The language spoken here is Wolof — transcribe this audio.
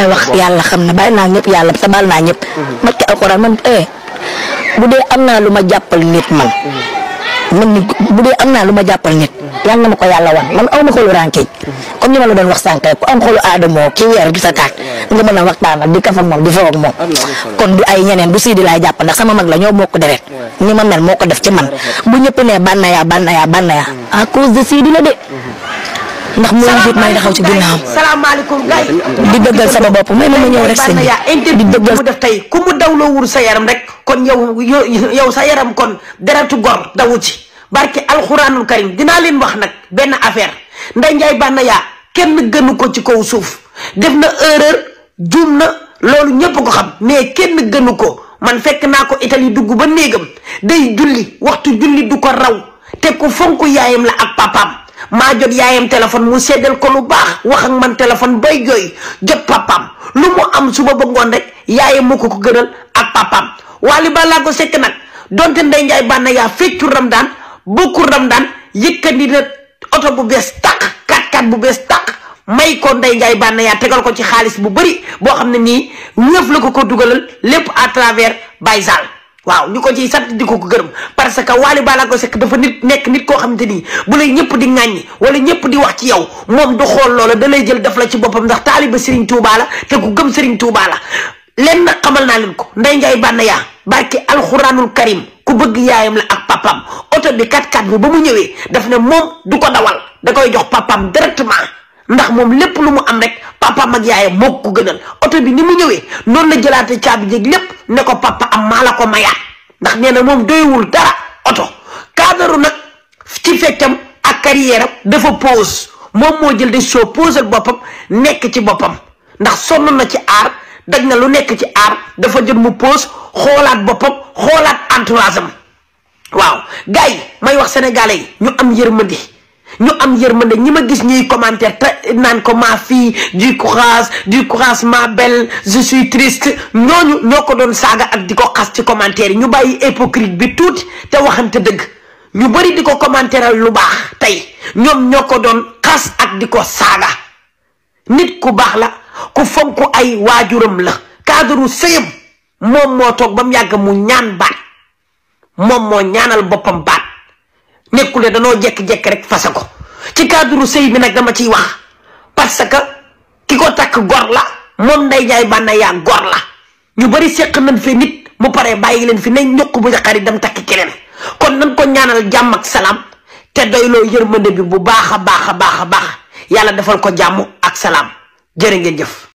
ay wax yàlla xam na bàyyi naa ñëpp yàlla te baal naa ñëpp. Mm-hmm. ma eh, bu dee am naa lu ma jàppal nit man. Mm-hmm. man ni bu dee am lu ma jàppal nit. Mm-hmm. yàlla na ko yàlla wan man aw ma xoolu rànkeñ. comme ni ma la doon wax sànq ku am xoolu aadamoo ki weer gi sa kaat nga mën a waxtaan ak di kaf ak moom di foo ak moom. kon du ay ñeneen du sii di laay jàpp ndax sama mag la ñoo bokk deret. ni ma mel moo ko def ci man bu ñëpp ne bànnayaa bànnayaa bànnayaa à cause de sii de. ndax mooy njiit may taxaw ci ginnaawam. salaamaaleykum gars di dëggal sama bopp may ma ma ñëw rek sëñ bi di dëggal mu def tey ku mu daw loo wur sa yaram rek kon yow yow sa yaram kon deretu gor dawu ci barke alxuraanul karim dinaa leen wax nag benn affaire Ndeye Ndiaye yaa kenn gënu ko ci kaw suuf def na erreur juum na loolu ñëpp ko xam mais kenn gënu ko man fekk naa ko Italie dugg ba néegam day julli waxtu julli du ko raw te ku fonk yaayam la ak papaam. maa jot yaayam téléphone mu seddal ko lu baax wax ak man téléphone bay jooy jot papaam lu mu am suba bëggoon ngoon rek yaayam moo ko ko gënal ak papaam Wally Ballago Seck nag donte Ndeye Ndiaye Banaya yaa feccu Ramadaan bokku Ramadaan yëkkandi na oto bu bees tàq kat-kat bu bees tàq may ko Ndeye Ndiaye yaa tegal ko ci xaalis bu bëri boo xam ne nii ñëf la ko ko dugalal lépp à travers Baye waaw ñu ko ciy sant di ko ko gërëm parce que Wally Ballago sekk dafa nit nekk nit koo xamante nii bu lay ñëpp di ŋàññi wala ñëpp di wax ci yow moom du xool loola dalay jël def la ci boppam ndax taaliba Serigne Touba la te ku gëm Serigne Touba la lenn nag xamal naa leen ko nday njaay bànn yaa barke alxuraanul karim ku bëgg yaayam la ak papam oto bi 4x4 bi ba mu ñëwee daf ne moom du ko dawal da koy jox papam directement ndax moom lépp lu mu am rek papaam ak yaayam moo ko gënal oto bi ni mu ñëwee noonu la jëlaate caabi jéeg lépp ne ko papa am maa la ko mayaat ndax nee na moom doyewul dara oto kaadaru nag ci feccam ak carrière am dafa pause moom moo jël de soo pause boppam nekk ci boppam ndax sonn na ci aar daj na lu nekk ci aar dafa jël mu pause xoolaat boppam xoolaat entourage am waaw gars yi may wax sénégalais yi ñu am yërmande ñu am yërmande ñi ma gis ñuy commentaire te naan ko ma fille du courage du courage ma belle je ñooñu ñoo ko doon saaga ak di ko xas ci commentaire yi ñu bàyyi hypocrite bi tuuti te waxam waxante dëgg ñu bëri di ko commentaire lu baax tey ñoom ñoo ko doon xas ak di ko saaga nit ku baax la ku fonk ay waajuram la cadre sëyam moom moo toog ba mu yàgg mu ñaan baat moom moo ñaanal boppam baat nekkul ne danoo jekk-jekk rek fase ko ci cadre sëy bi nag dama ciy wax parce que ki ko takk gor la moom nday jaay bànna yaa gor la ñu bari seq nañ fee nit mu paree bàyyi leen fi ne ñuq bu xarit dem takk keneen kon nañ ko ñaanal jàmm ak salaam te doyloo yërmande bi bu baax a baax a baax a baax yàlla defal ko jàmm ak salaam jërë nga jëf